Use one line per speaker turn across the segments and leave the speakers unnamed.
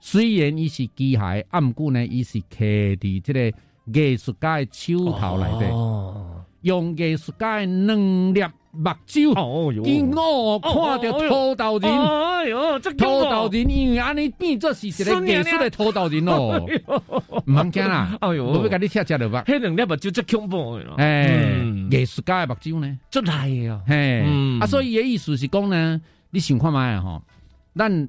雖然伊是機械，毋過呢，伊是刻佇即個藝術家誒手頭內底，用藝術家誒兩粒目睭，哦，我、哦
哎、看着土豆人，哦，
土、哦、豆、哎哦哎、人，伊安尼變做是一個藝術誒土豆人咯，毋好驚啦，哦、哎，我欲甲你拆食着肉，迄兩粒目睭足恐怖，嘿、哎，藝、嗯、術家誒目睭呢，足大嘅，嘿、哎嗯，啊，所以伊誒意思是講呢，你想看覓啊？嗬，咱。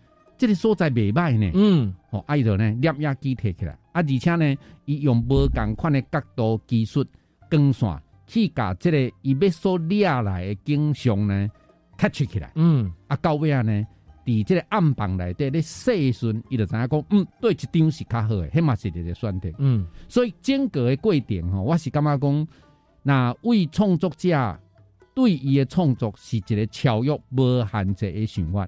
這個所在袂䆀呢，嗯，哦，愛到呢，攝影機提起來，啊，而且呢，伊用無同款的角度技術，光線去把這個伊要所抓來的景象呢吸取起來，嗯，啊，到尾啊呢，佇這個暗房內底咧洗相，伊就知影講，嗯，對，一張是較好，迄嘛是佇咧選擇。嗯，所以整個嘅過程吼，我是感覺講，那位創作者對伊嘅創作是一個超越無限制嘅循環。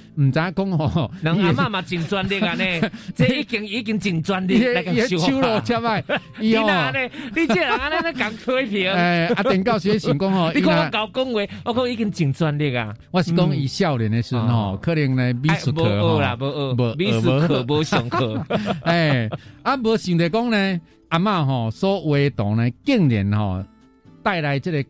唔知講吼，人阿嬤嘛
真專業安尼，即 已經已經真專業嘅小學。超咯，係
咪？點解、
喔、 呢？你即人安尼咧講批評。誒、哎，阿田教授情況哦？ 你講賢講話， 我講已經真專業啊。我是講伊
少年的時陣吼、嗯，可能呢，冇、哎、啦，冇，冇，美術課無上課。誒、哎，啊，無想著講呢？阿嬤吼，所活動呢，竟然吼帶來即、這個。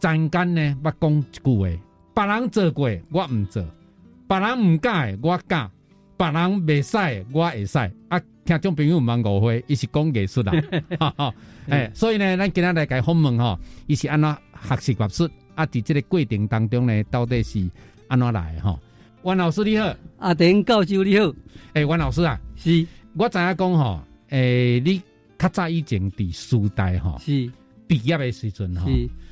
中間呢，捌講一句話，別人做過，我唔做；別人唔敢誒，我敢；別人未使我會使。啊，聽眾朋友唔茫誤會，伊是講藝術啦。哎、 啊，欸、 所以呢，咱今日來開訪問吼，伊、哦、是安怎學習藝術啊？佇這個過程當中呢，到底是安怎來的吼、哦？袁老師你好，啊，阿田教授你好，誒、欸，袁老師啊，是，我知影講吼，誒、欸，你較早以前佇師大吼，是畢業的時陣吼。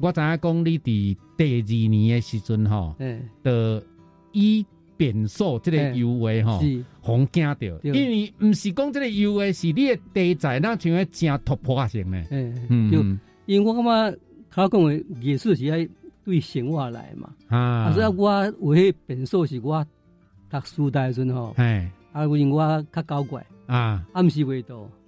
我知影講你佇第二年的時陣吼、哦，的、欸、伊變數這個油畫吼，好驚着，因為唔是講這個油畫，是你嘅題材，那像個正突破性嘅、欸。嗯，就因
為我感覺口講藝術是愛對生活來的嘛啊。啊，所以我我變數是我讀書代時陣吼，哎、欸，啊，因為我較搞怪啊，啊是，唔是話多。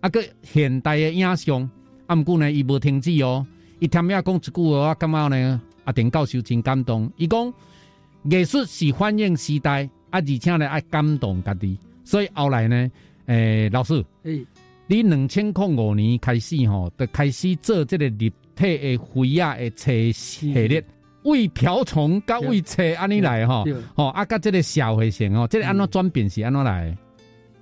啊，佮現代嘅影像，啊毋過呢，伊無停止哦。伊聽伊講一句話，我感覺呢，阿田教授真感動。伊講，藝術是反映時代，啊而且呢愛感動家己。所以後來呢，誒、欸，老師，誒、欸，你兩千零五年開始吼、喔，就開始做即個立體嘅飛啊嘅冊系列，為瓢蟲甲為冊安尼來吼，吼、嗯，啊甲即、喔喔啊、個社會性吼，即、喔這個安怎轉變、嗯、是安怎來的？